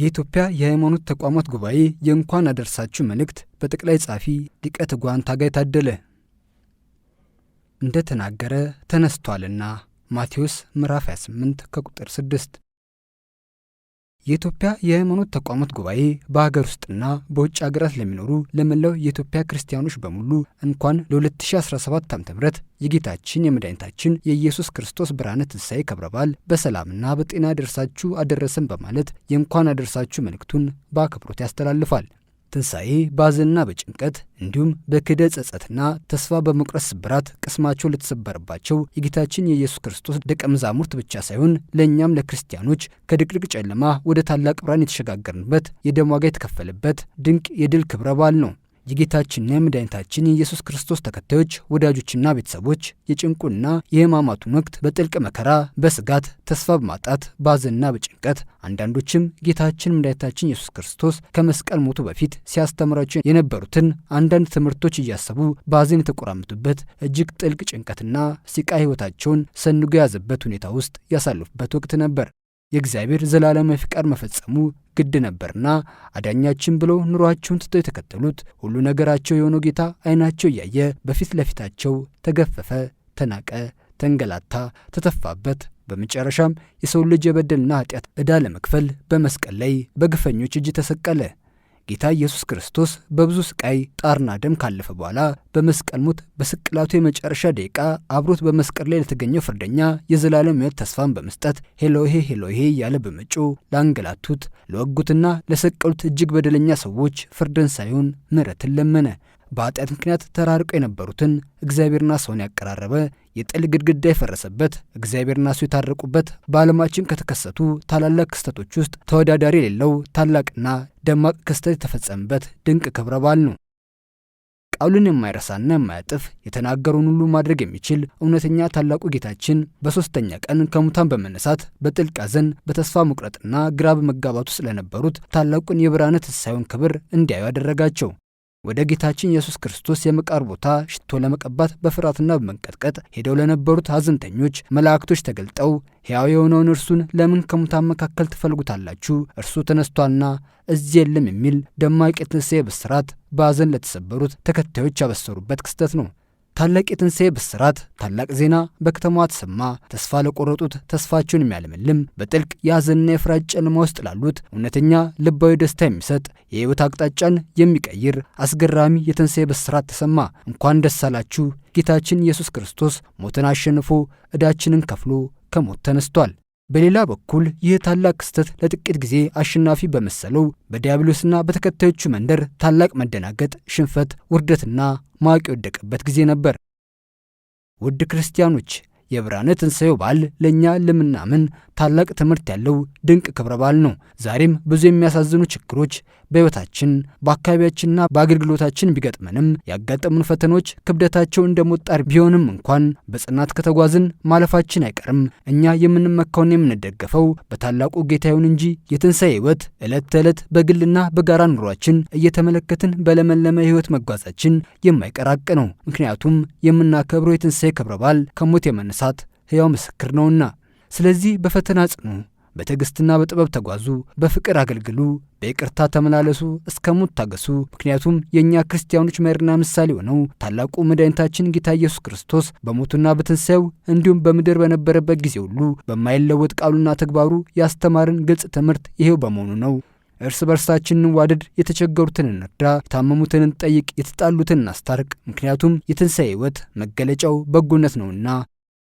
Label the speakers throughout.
Speaker 1: የኢትዮጵያ የሃይማኖት ተቋማት ጉባኤ የእንኳን አደረሳችሁ መልእክት በጠቅላይ ጸሐፊ ሊቀ ትጉሃን ታጋይ ታደለ እንደ ተናገረ ተነስቷልና ማቴዎስ ምዕራፍ 28 ከቁጥር 6 የኢትዮጵያ የሃይማኖት ተቋማት ጉባኤ በሀገር ውስጥና በውጭ ሀገራት ለሚኖሩ ለመላው የኢትዮጵያ ክርስቲያኖች በሙሉ እንኳን ለ2017 ዓ.ም የጌታችን የመድኃኒታችን የኢየሱስ ክርስቶስ ብርሃነ ትንሣኤ ክብረ በዓል በሰላምና በጤና ደርሳችሁ አደረሰን በማለት የእንኳን አደረሳችሁ መልእክቱን በአክብሮት ያስተላልፋል። ትንሣኤ በአዘንና በጭንቀት እንዲሁም በክደ ጸጸትና ተስፋ በመቁረጥ ስብራት ቅስማቸው ለተሰበረባቸው የጌታችን የኢየሱስ ክርስቶስ ደቀ መዛሙርት ብቻ ሳይሆን ለእኛም ለክርስቲያኖች ከድቅድቅ ጨለማ ወደ ታላቅ ብርሃን የተሸጋገርንበት የደም ዋጋ የተከፈለበት ድንቅ የድል ክብረ በዓል ነው። የጌታችንና የመድኃኒታችን የኢየሱስ ክርስቶስ ተከታዮች ወዳጆችና ቤተሰቦች የጭንቁና የሕማማቱን ወቅት በጥልቅ መከራ፣ በስጋት፣ ተስፋ በማጣት፣ በሐዘንና በጭንቀት አንዳንዶችም ጌታችን መድኃኒታችን ኢየሱስ ክርስቶስ ከመስቀል ሞቱ በፊት ሲያስተምራቸው የነበሩትን አንዳንድ ትምህርቶች እያሰቡ ባዘን የተቆራመቱበት እጅግ ጥልቅ ጭንቀትና ሲቃ ሕይወታቸውን ሰንጎ የያዘበት ሁኔታ ውስጥ ያሳልፉበት ወቅት ነበር። የእግዚአብሔር ዘላለም ፍቃድ መፈጸሙ ግድ ነበርና አዳኛችን ብለው ኑሯቸውን ትተው የተከተሉት ሁሉ ነገራቸው የሆነው ጌታ ዓይናቸው እያየ በፊት ለፊታቸው ተገፈፈ፣ ተናቀ፣ ተንገላታ፣ ተተፋበት። በመጨረሻም የሰው ልጅ የበደልና ኃጢአት ዕዳ ለመክፈል በመስቀል ላይ በግፈኞች እጅ ተሰቀለ። ጌታ ኢየሱስ ክርስቶስ በብዙ ስቃይ ጣርና ደም ካለፈ በኋላ በመስቀል ሞት በስቅላቱ የመጨረሻ ደቂቃ አብሮት በመስቀል ላይ ለተገኘው ፍርደኛ የዘላለም ሕይወት ተስፋን በመስጠት ሄሎሄ ሄሎሄ እያለ በመጮ ላንገላቱት፣ ለወጉትና ለሰቀሉት እጅግ በደለኛ ሰዎች ፍርድን ሳይሆን ምሕረትን ለመነ። በኃጢአት ምክንያት ተራርቀው የነበሩትን እግዚአብሔርና ሰውን ያቀራረበ፣ የጥል ግድግዳ የፈረሰበት፣ እግዚአብሔርና ሰው የታረቁበት፣ በዓለማችን ከተከሰቱ ታላላቅ ክስተቶች ውስጥ ተወዳዳሪ የሌለው ታላቅና ደማቅ ክስተት የተፈጸመበት ድንቅ ክብረ በዓል ነው። ቃሉን የማይረሳና የማያጥፍ የተናገረውን ሁሉ ማድረግ የሚችል እውነተኛ ታላቁ ጌታችን በሦስተኛ ቀን ከሙታን በመነሳት በጥልቅ ሐዘን በተስፋ መቁረጥና ግራ በመጋባቱ ውስጥ ለነበሩት ታላቁን የብርሃነ ትንሣኤውን ክብር እንዲያዩ ያደረጋቸው ወደ ጌታችን ኢየሱስ ክርስቶስ የመቃር ቦታ ሽቶ ለመቀባት በፍርሃትና በመንቀጥቀጥ ሄደው ለነበሩት ሐዘንተኞች መላእክቶች ተገልጠው ሕያው የሆነውን እርሱን ለምን ከሙታን መካከል ትፈልጉታላችሁ? እርሱ ተነስቷልና እዚህ የለም የሚል ደማቅ የትንሣኤ ብስራት በሐዘን ለተሰበሩት ተከታዮች ያበሰሩበት ክስተት ነው። ታላቅ የትንሣኤ ብስራት፣ ታላቅ ዜና በከተማዋ ተሰማ። ተስፋ ለቆረጡት ተስፋቸውን የሚያለመልም በጥልቅ የሐዘንና የፍራጭ ጨለማ ውስጥ ላሉት እውነተኛ ልባዊ ደስታ የሚሰጥ የሕይወት አቅጣጫን የሚቀይር አስገራሚ የትንሣኤ ብስራት ተሰማ። እንኳን ደስ አላችሁ! ጌታችን ኢየሱስ ክርስቶስ ሞትን አሸንፎ ዕዳችንን ከፍሎ ከሞት ተነስቷል። በሌላ በኩል ይህ ታላቅ ክስተት ለጥቂት ጊዜ አሸናፊ በመሰለው በዲያብሎስና በተከታዮቹ መንደር ታላቅ መደናገጥ፣ ሽንፈት፣ ውርደትና ማቅ የወደቀበት ጊዜ ነበር። ውድ ክርስቲያኖች የብርሃነ ትንሣኤው በዓል ለእኛ ለምናምን ታላቅ ትምህርት ያለው ድንቅ ክብረ በዓል ነው። ዛሬም ብዙ የሚያሳዝኑ ችግሮች፣ በሕይወታችን በአካባቢያችንና በአገልግሎታችን ቢገጥመንም ያጋጠሙን ፈተኖች ክብደታቸው እንደሞጣር ቢሆንም እንኳን በጽናት ከተጓዝን ማለፋችን አይቀርም። እኛ የምንመካውን የምንደገፈው በታላቁ ጌታ ይሁን እንጂ የትንሣኤ ሕይወት ዕለት ተዕለት በግልና በጋራ ኑሯችን እየተመለከትን በለመለመ ሕይወት መጓዛችን የማይቀራቅ ነው። ምክንያቱም የምናከብረው የትንሣኤ ክብረ በዓል ከሞት የመነሳት ሕያው ምስክር ነውና። ስለዚህ በፈተና ጽኑ በትዕግስትና በጥበብ ተጓዙ፣ በፍቅር አገልግሉ፣ በይቅርታ ተመላለሱ፣ እስከ ሞት ታገሱ። ምክንያቱም የእኛ ክርስቲያኖች መሪና ምሳሌ ሆነው ታላቁ መድኃኒታችን ጌታ ኢየሱስ ክርስቶስ በሞቱና በትንሣኤው እንዲሁም በምድር በነበረበት ጊዜ ሁሉ በማይለወጥ ቃሉና ተግባሩ ያስተማርን ግልጽ ትምህርት ይሄው በመሆኑ ነው። እርስ በርሳችን እንዋደድ፣ የተቸገሩትን እንርዳ፣ የታመሙትን እንጠይቅ፣ የተጣሉትን እናስታርቅ። ምክንያቱም የትንሣኤ ሕይወት መገለጫው በጎነት ነውና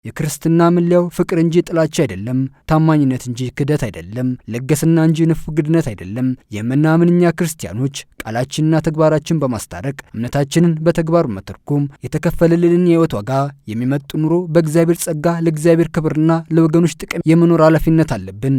Speaker 1: የክርስትና መለያው ፍቅር እንጂ ጥላቻ አይደለም፣ ታማኝነት እንጂ ክደት አይደለም፣ ለገስና እንጂ ንፍግድነት አይደለም። የምናምን እኛ ክርስቲያኖች ቃላችንና ተግባራችን በማስታረቅ እምነታችንን በተግባር መተርጎም የተከፈለልንን የሕይወት ዋጋ የሚመጥ ኑሮ በእግዚአብሔር ጸጋ ለእግዚአብሔር ክብርና ለወገኖች ጥቅም የመኖር ኃላፊነት አለብን።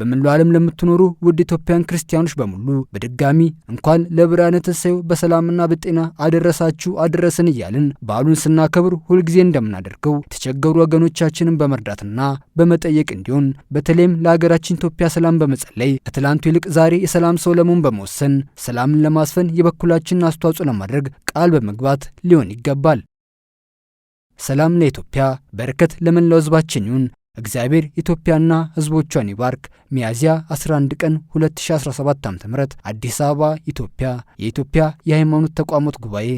Speaker 1: በመላው ዓለም ለምትኖሩ ውድ ኢትዮጵያን ክርስቲያኖች በሙሉ በድጋሚ እንኳን ለብርሃነ ትንሣኤው በሰላምና በጤና አደረሳችሁ አደረሰን እያልን በዓሉን ስናከብር ሁልጊዜ እንደምናደርገው የተቸገሩ ወገኖቻችንን በመርዳትና በመጠየቅ እንዲሆን በተለይም ለሀገራችን ኢትዮጵያ ሰላም በመጸለይ ከትላንቱ ይልቅ ዛሬ የሰላም ሰው ለመሆን በመወሰን ሰላምን ለማስፈን የበኩላችንን አስተዋጽኦ ለማድረግ ቃል በመግባት ሊሆን ይገባል። ሰላም ለኢትዮጵያ፣ በረከት ለመላው ሕዝባችን ይሁን። እግዚአብሔር ኢትዮጵያና ሕዝቦቿን ይባርክ። ሚያዝያ 11 ቀን 2017 ዓ.ም አዲስ አበባ ኢትዮጵያ። የኢትዮጵያ የሃይማኖት ተቋማት ጉባኤ